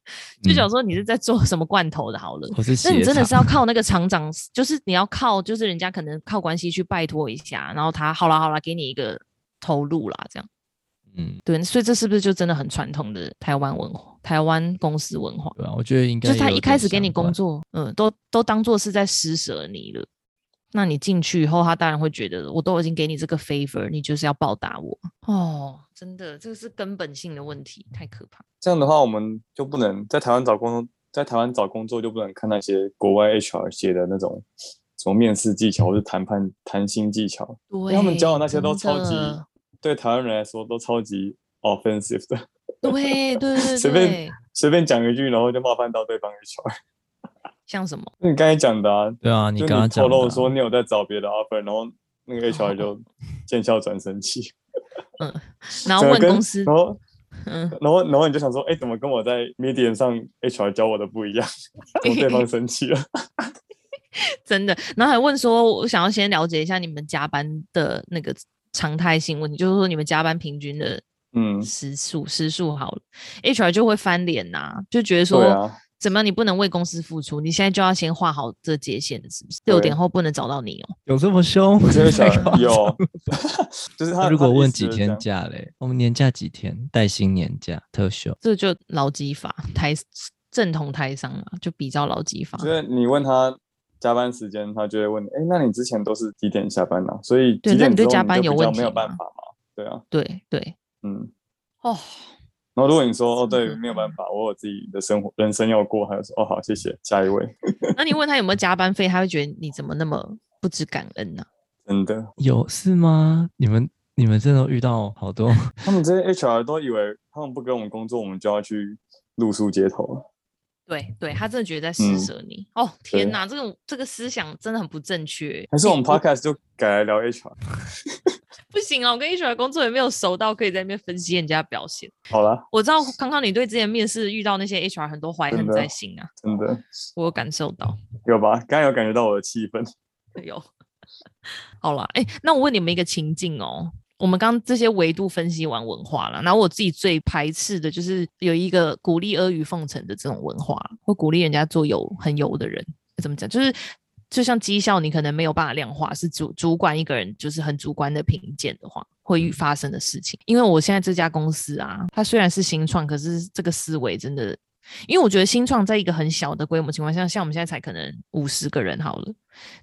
就想說你是在做什麼罐頭的好了。嗯、那你真的是要靠那個廠長， 就是你要靠，就是人家可能靠關係去拜托一下，然後他好啦好啦，給你一個投入啦，這樣。嗯，對，所以這是不是就真的很傳統的台灣文化，嗯、台灣公司文化？對、啊，我覺得應該就是他一開始給你工作，嗯，嗯都都當做是在施捨你了。那你進去以後，他當然會覺得，我都已經給你這個 favor，你就是要報答我。哦，真的，這個是根本性的問題，太可怕。這樣的話，我們就不能在台灣找工作，在台灣找工作就不能看那些國外 HR 寫的那種什麼面試技巧或者談判談心技巧，對，他們教的那些都超級。對台灣人來說都超級 offensive 的對對對對對，， 對對對對，隨便隨便講一句，然後就冒犯到對方 HR，像什麼？你剛才講的、啊，對啊，你剛剛透露說你有在找別的 offer，剛剛的、啊、然後那個 HR 就見笑轉生氣、哦，嗯，然後問公司，然後、嗯，然後，然後你就想說，哎、欸，怎麼跟我在 medium 上 HR 教我的不一樣？跟對方生氣了， 真的，然後還問說，我想要先了解一下你們加班的那個。常態性問題，就是說你們加班平均的時，嗯，時數時數好了，HR 就會翻臉吶、啊，就覺得說、啊，怎麼你不能為公司付出？你現在就要先畫好這界限，是不是？六點後不能找到你哦，有這麼凶？有， 就是他。如果問幾天假嘞？我 們、哦、年假幾天？帶薪年假、特休，這就勞基法、嗯、台正統台商啊，就比較勞基法。所、就、以、是、你問他，加班時間，他就會問你、欸、那你之前都是幾點下班呢？啊？所以幾點鐘你就比較沒有辦法嘛？對啊，對對，對，對，嗯，哦，然後如果你說，哦，對，沒有辦法，我有自己的生活，人生要過，還是說，哦，好，謝謝，下一位。 那你問他有沒有加班費，他會覺得你怎麼那麼不知感恩呢？啊？真的有是嗎？你們你們真的遇到好多， 他們這些 HR 都以為他們不給我們工作，我們就要去露宿街頭了。對，對他真的覺得在施舍你。嗯、哦，天哪，這種這個思想真的很不正確。還是我們 podcast、欸、我就改來聊 HR， 不行啊，我跟 HR 工作也沒有熟到可以在那邊分析人家的表現。好了，我知道康康你對之前面試遇到那些 HR 很多懷恨在心啊，真的，真的我有感受到。有吧？剛有感覺到我的氣氛。有。 好了，哎、欸，那我問你們一個情境哦。我們剛，剛這些維度分析完文化了，然後我自己最排斥的就是有一個鼓勵阿諛奉承的這種文化，會鼓勵人家做有很油的人，怎麼講？就是就像績效，你可能沒有辦法量化，是主主管一個人就是很主觀的評鑑的話會發生的事情。因為我現在這家公司啊，它雖然是新創，可是這個思維真的，因為我覺得新創在一個很小的規模情況下，像我們現在才可能五十個人好了，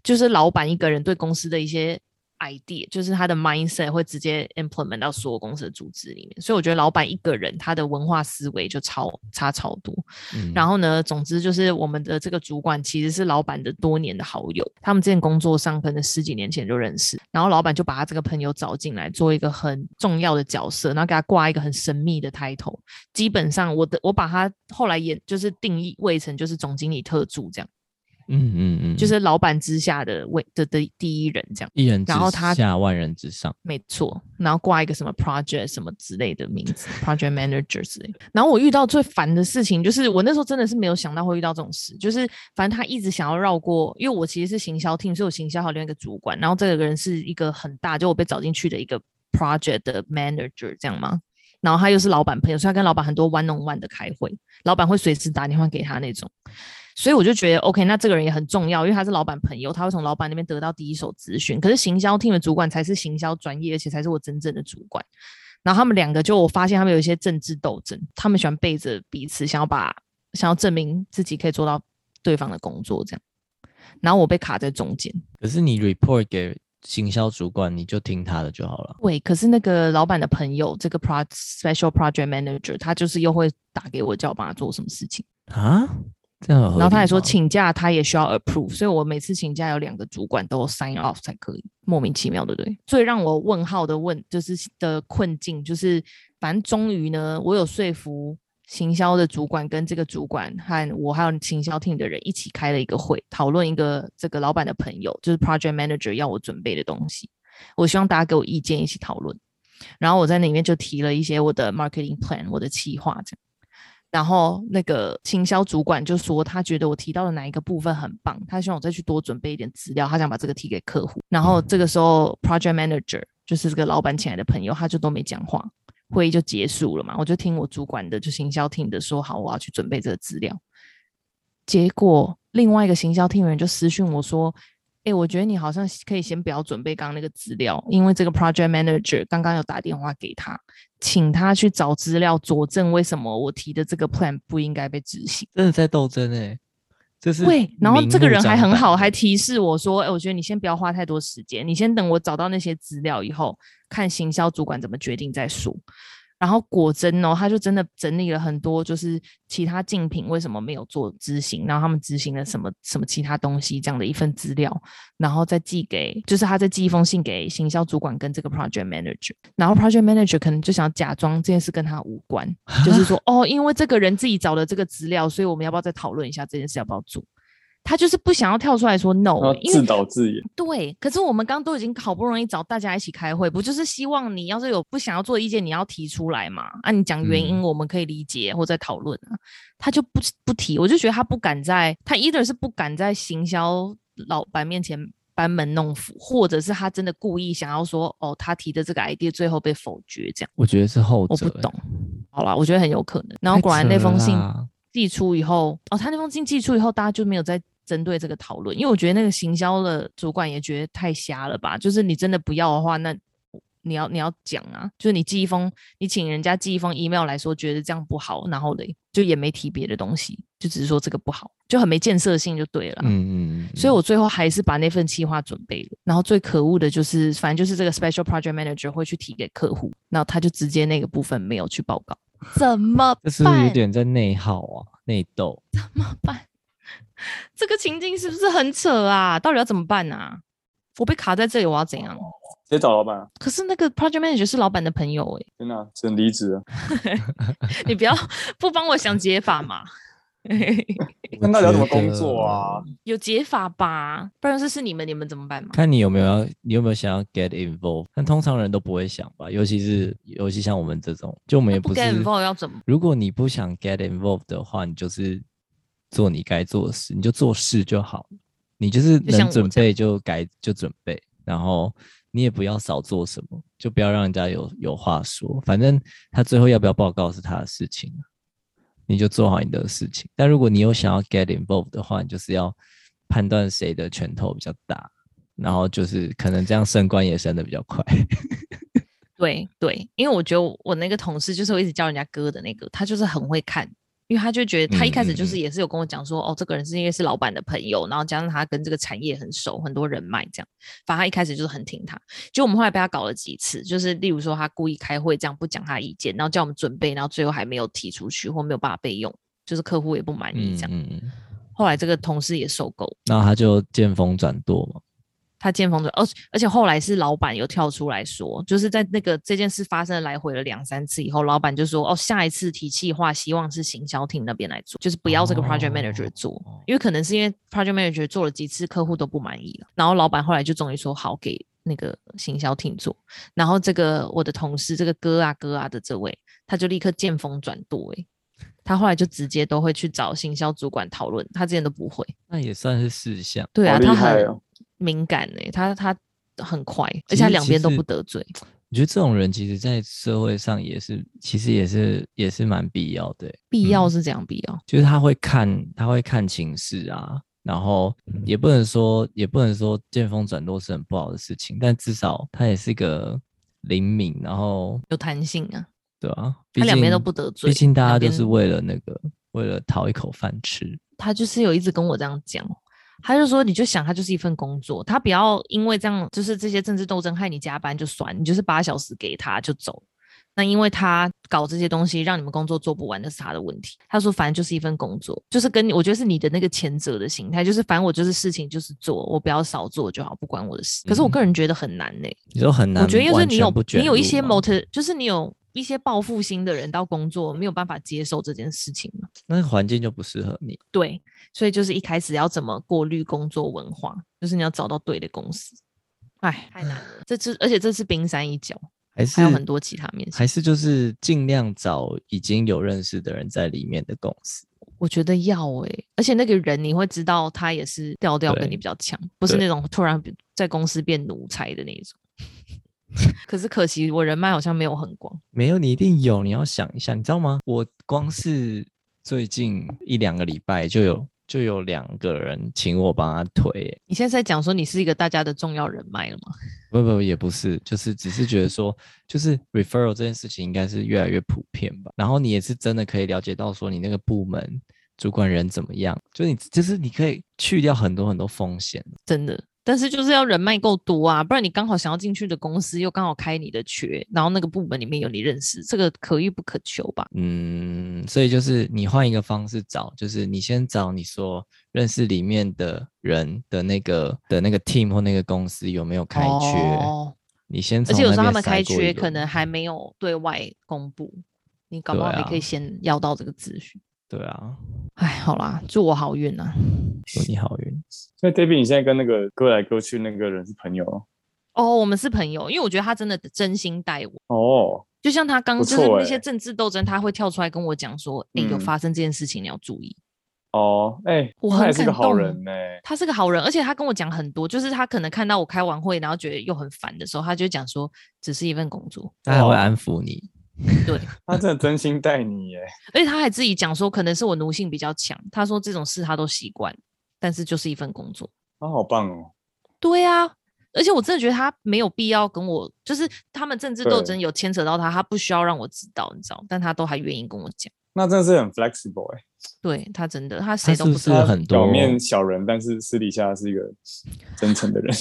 就是老板一個人對公司的一些。idea 就是他的 mindset 會直接 implement 到所有公司的組織裡面，所以我覺得老闆一個人他的文化思維就超差超多。嗯。然後呢，總之就是我們的這個主管其實是老闆的多年的好友，他們之前工作上可能十幾年前就認識，然後老闆就把他這個朋友找進來做一個很重要的角色，然後給他掛一個很神秘的 title。基本上我的我把他後來也就是定義為成就是總經理特助這樣。嗯嗯嗯，就是老闆之下的位的的，的第一人這樣，一人之下萬人之上，沒錯。然後掛一個什麼 project 什麼之類的名字 ，project manager 之類。然後我遇到最煩的事情就是，我那時候真的是沒有想到會遇到這種事，就是反正他一直想要繞過，因為我其實是行銷 team，所以我行銷還有另外一個主管，然後這個人是一個很大，就我被找進去的一個 project manager 這樣嘛。然後他又是老闆朋友，所以他跟老板很多 one-on-one 的開會，老板會隨時打電話給他那種。所以我就覺得，OK，那這個人也很重要，因為他是老闆朋友，他會從老板那邊得到第一手資訊。可是行銷 team 的主管才是行銷專業，而且才是我真正的主管。然後他們兩個就，我發現他們有一些政治鬥爭，他們喜歡背着彼此，想要把想要證明自己可以做到對方的工作，這樣。然後我被卡在中間。可是你 report 給行銷主管，你就聽他的就好了。對，可是那個老板的朋友，這個 pro Special Project Manager，他就是又會打給我，叫我幫他做什麼事情啊？然後,也 approve, 然後他還說請假他也需要 approve，所以我每次請假有兩個主管都 sign off 才可以，莫名其妙的對,對。最讓我問號的問就是的困境就是，反正終於呢，我有說服行銷的主管跟這個主管和我還有行銷廳的人一起開了一個會，討論一個這個老板的朋友就是 project manager 要我準備的東西。我希望大家給我意見一起討論，然後我在那裡面就提了一些我的 marketing plan，我的企劃這樣。然後那個行銷主管就說，他覺得我提到的哪一個部分很棒，他希望我再去多準備一點資料，他想把這個提給客戶。然後這個時候，project manager 就是這個老板請來的朋友，他就都沒講話，會議就結束了嘛。我就聽我主管的，就行銷 team 的說好，我要去準備這個資料。結果另外一個行銷 team 的人就私訊我說，哎、欸，我覺得你好像可以先不要準備剛剛那個資料，因為這個 project manager 剛剛有打電話給他。請他去找資料佐證，為什麼我提的這個 plan 不應該被執行。真的在鬥爭哎、欸，就是對。然後這個人還很好，還提示我說：“哎、欸，我覺得你先不要花太多時間，你先等我找到那些資料以後，看行銷主管怎麼決定再說然後果真哦，他就真的整理了很多，就是其他競品為什麼沒有做執行，然後他們執行了什麼什麼其他東西這樣的一份資料，然後再寄給，就是他再寄一封信給行銷主管跟這個 project manager，然後 project manager 可能就想假裝這件事跟他無關，啊、就是說哦，因為這個人自己找的這個資料，所以我們要不要再討論一下這件事要不要做？他就是不想要跳出來說 no，、欸、自導自演。對，可是我們剛剛都已經好不容易找大家一起開會，不就是希望你要是有不想要做的意見，你要提出來嘛？啊，你講原因，我們可以理解或者討論啊。嗯、他就不不提，我就覺得他不敢在他 either 是不敢在行銷老板面前班門弄斧，或者是他真的故意想要說，哦，他提的這個 idea 最後被否決，這樣。我覺得是後者、欸，我不懂。好啦，我覺得很有可能。然後果然那封信寄出以後，哦，他那封信寄出以後，大家就沒有再。針對這個討論，因為我覺得那個行銷的主管也覺得太瞎了吧。就是你真的不要的話，那你要你要講啊。就是你寄一封，你請人家寄一封 email 來說，覺得這樣不好，然後嘞就也沒提別的東西，就只是說這個不好，就很沒建設性就對了啊。嗯嗯嗯。所以我最後還是把那份計劃準備了。然後最可惡的就是，反正就是這個 special project manager 會去提給客戶，然後他就直接那個部分沒有去報告。怎麼辦？ 這是不是有點在內耗啊，內鬥。怎麼辦？這個情境是不是很扯啊？到底要怎麼辦啊？我被卡在這裡，我要怎樣？直接找老闆、啊。可是那個 project manager 是老闆的朋友哎、欸。真的？只能離職、啊。 你不要不幫我想解法嘛？跟他聊怎麼工作啊？ 有解法吧？不然就是，是你們，你們怎麼辦嘛？看你有沒有要，你有沒有想要 get involved？但通常人都不會想吧，尤其是尤其像我們這種，就我們也不，不 get involved 要怎麼？如果你不想 get involved 的話，你就是。做你該做的事，你就做事就好。你就是能準備就該就準備就，然後你也不要少做什麼，就不要讓人家有有話說。反正他最後要不要報告是他的事情啊，你就做好你的事情。但如果你有想要 get involved 的話，你就是要判斷誰的拳頭比較大，然後就是可能這樣升官也升得比較快。 對對，因為我覺得我那個同事就是我一直叫人家哥的那個，他就是很會看。因為他就覺得他一開始就是也是有跟我講說、嗯，哦，這個人是因為是老闆的朋友，然後加上他跟這個產業很熟，很多人脈這樣，反正他一開始就是很聽他。就我們後來被他搞了幾次，就是例如說他故意開會這樣不講他意見，然後叫我們準備，然後最後還沒有提出去或沒有辦法備用，就是客戶也不滿意這樣。嗯嗯、後來這個同事也受夠，然後他就見風轉舵嘛。他見風轉哦，而且後來是老闆有跳出來說，就是在那個這件事發生來回了兩三次以後，老闆就說：“哦，下一次提計劃，希望是行銷廳那邊來做，就是不要這個 project manager 做，哦哦哦哦哦哦哦哦因為可能是因為 project manager 做了幾次，客戶都不滿意了。”然後老闆後來就終於說：“好，給那個行銷廳做。”然後這個我的同事這個哥啊哥啊的這位，他就立刻見風轉舵，哎，他後來就直接都會去找行銷主管討論，他之前都不會。那也算是事項，對啊，他很。敏感哎、欸，他他很快，而且他兩邊都不得罪。我覺得這種人其實，在社會上也是，其實也是也是蠻必要的、欸。必要是怎樣必要？嗯，就是他會看，他會看情勢啊，然後、嗯、也不能說，也不能說見風轉舵是很不好的事情。但至少他也是個靈敏，然後有彈性啊，對啊，他兩邊都不得罪，畢竟大家都是為了那個，那為了討一口飯吃。他就是有一直跟我這樣講。他就說，你就想他就是一份工作，他不要因為這樣就是這些政治鬥爭害你加班就算，你就是八小時給他就走。那因為他搞這些東西，讓你們工作做不完，那是他的問題。他說反正就是一份工作，就是跟你，我覺得是你的那個前者的心態，就是反正我就是事情就是做，我不要少做就好，不關我的事、嗯。可是我個人覺得很難嘞、欸，你說很難，我覺得又是你有你有一些 motive，就是你有。一些抱負心的人到工作沒有辦法接受這件事情嘛，那環境就不適合你。對，所以就是一開始要怎麼過濾工作文化，就是你要找到對的公司。哎，太難了，這次而且這是冰山一角，還是還有很多其他面試。還是就是盡量找已經有認識的人在裡面的公司。我覺得要哎、欸，而且那個人你會知道他也是調調跟你比較強，不是那種突然在公司變奴才的那種。 可是可惜，我人脈好像沒有很廣。沒有，你一定有，你要想一下，你知道嗎？我光是最近一兩個禮拜就有就有兩個人請我幫他推。你現在在講說你是一個大家的重要人脈了嗎？ 不不，不也不是，就是只是覺得說，就是 referral 這件事情應該是越來越普遍吧。然後你也是真的可以了解到說你那個部門主管人怎麼樣，就是你就是你可以去掉很多很多風險，真的。但是就是要人脈夠多啊，不然你剛好想要進去的公司又剛好開你的缺，然後那個部門裡面有你認識，這個可遇不可求吧？嗯，所以就是你換一個方式找，就是你先找你說認識裡面的人的那個的那個 team 或那個公司有沒有開缺，哦、你先找。而且有時候他們開缺，開缺可能還沒有對外公布，你搞不好你可以先要到這個資訊。對啊，哎，好啦，祝我好運吶，啊！你好運。那 Debbie 你現在跟那個割來割去那個人是朋友？哦、oh，我們是朋友，因為我覺得他真的真心待我。哦、oh，就像他剛剛就是那些政治鬥爭，欸，他會跳出來跟我講說，哎、嗯欸，有發生這件事情你要注意。哦，哎，我很感動，他也是個好人、欸，呢他是個好人，而且他跟我講很多，就是他可能看到我開完會然後覺得又很煩的時候，他就講說，只是一份工作。他還會安撫你。對，他真的真心待你耶， 而且他還自己講說，可能是我奴性比較強。他說這種事他都習慣，但是就是一份工作。他好棒哦！對啊，而且我真的覺得他沒有必要跟我，就是他們政治鬥爭有牽扯到他，他不需要讓我知道，你知道？但他都還願意跟我講。那真的是很 flexible 哎。對，他真的，他誰都不是，他他是不是很多。表面小人，但是私底下是一個真誠的人。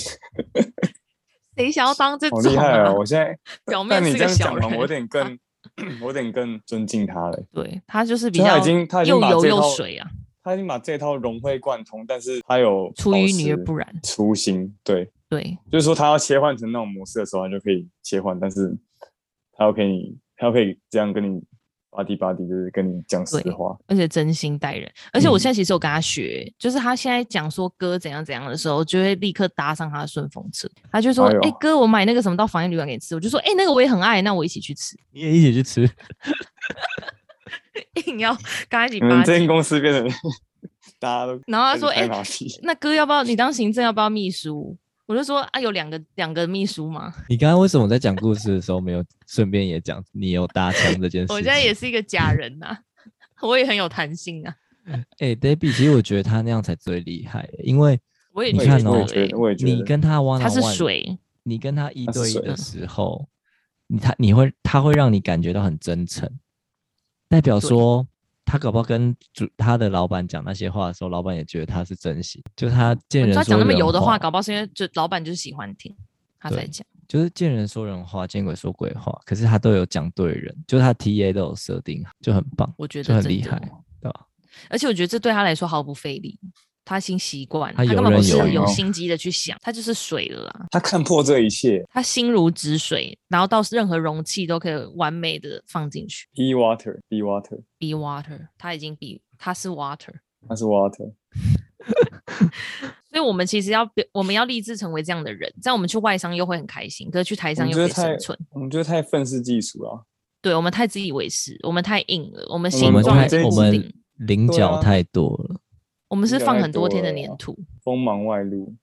誰 想要當這種、啊、好厲害哦，我現在 表面是個小人， 我有點更。 我有點更尊敬他了，對他就是比較又油又水啊，他已經已經把這套，他已經把這套，他已經把這套融會貫通，但是他有出淤泥而不染初心，對對，就是說他要切換成那種模式的時候，他就可以切換，但是他要可以，他要可以這樣跟你。阿弟，阿弟就是跟你講實話，而且真心待人。而且我現在其實有跟他學，嗯、就是他現在講說哥怎樣怎樣的時候，就會立刻搭上他的順風車。他就說：“哎、欸，哥，我買那個什麼到防疫旅館給你吃。”我就說：“哎、欸，那個我也很愛，那我一起去吃。”你也一起去吃， 硬要跟他一起。你們這間公司變成大家都……然後他說：“哎、欸，那哥要不要你當行政？要不要秘書？”我就說啊，有兩個兩個秘書嘛。你剛剛為什麼在講故事的時候沒有 順便也講你有搭腔這件事？我現在也是一個假人吶、啊， 我也很有彈性啊。哎、 欸、Debbie 其實我覺得他那樣才最厲害，因為我也你看哦，你跟他 oneone，他是水，你跟他一對一的時候，他你他你會他會讓你感覺到很真誠，代表說。他搞不好跟主他的老闆講那些話的時候，老闆也覺得他是真心。就他見人、人，他講那麼油的話，搞不好是因為就老闆就是喜歡聽他在講，就是見人說人話，見鬼說鬼話。可是他都有講對人，就他 TA 都有設定，就很棒，我覺得就很厲害，對吧？而且我覺得這對他來說毫不費力。他心習慣，他，他根本不是有心機的去想，他就是水了。他看破這一切，他心如止水，然後到任何容器都可以完美的放進去。Be water, Be water, Be water。他已經 be 他是 water，他是 water。是 water 所以，我們其實要我們要立志成為這樣的人。這樣，我們去外商又會很開心，可是去台商又很生存。我們覺得太憤世嫉俗了。對，我們太自以為是，我們太硬了，我們形狀太硬，稜角、啊、太多了。我們是放很多天的粘土，啊，鋒芒外露。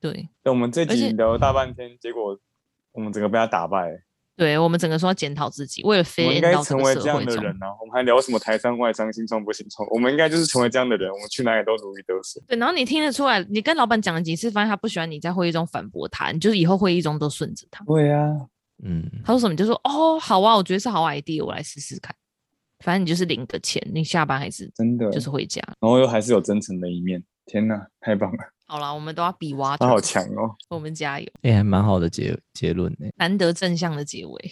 對，那我們這集聊了大半天，結果我們整個被他打敗。對，我們整個說要檢討自己，為了飛應該成為這樣的人呢，啊？我們還聊什麼台商、外商、新創不新創？ 我們應該就是成為這樣的人，我們去哪裡都如魚得水。對，然後你聽得出來，你跟老闆講了幾次，發現他不喜歡你在會議中反駁他，你就是以後會議中都順着他。對啊，嗯，他說什麼你就說哦，好啊，我覺得是好 idea，啊、我來試試看。反正你就是領個錢，你下班還是真的就是回家，然後、哦哦、又還是有真誠的一面。天哪，太棒了！好啦，我們都要比娃。他好強哦！我們加油。哎、欸，還蠻好的結結論呢，難得正向的結尾。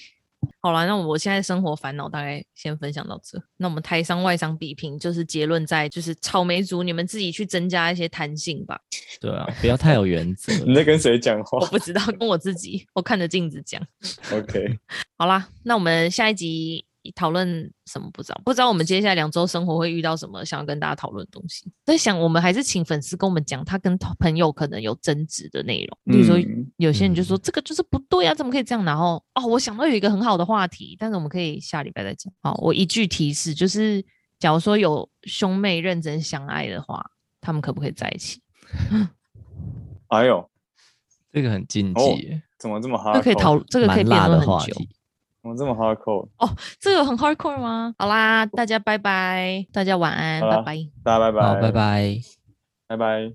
好啦，那我現在生活煩惱大概先分享到這。那我們台商外商比拼，就是結論在就是草莓族，你們自己去增加一些彈性吧。對啊，不要太有原則。 你在跟誰講話？我不知道，跟我自己，我看着鏡子講。OK。好啦，那我們下一集。討論什麼不知道，不知道我們接下來兩周生活會遇到什麼，想要跟大家討論的東西。在想，我們還是請粉絲跟我們講，他跟朋友可能有爭執的內容。比如說有些人就說這個就是不對啊，怎麼可以這樣？然後哦，我想到有一個很好的話題，但是我們可以下禮拜再講。好，我一句提示就是，假如說有兄妹認真相愛的話，他們可不可以在一起 哎呦，這個很禁忌、哦，怎麼這麼好就可以討？這個可以辯論很久。怎麼這麼 hardcore？哦，這個很 hardcore 嗎？好啦，大家拜拜，大家晚安，拜拜，大家拜拜，拜拜，拜拜。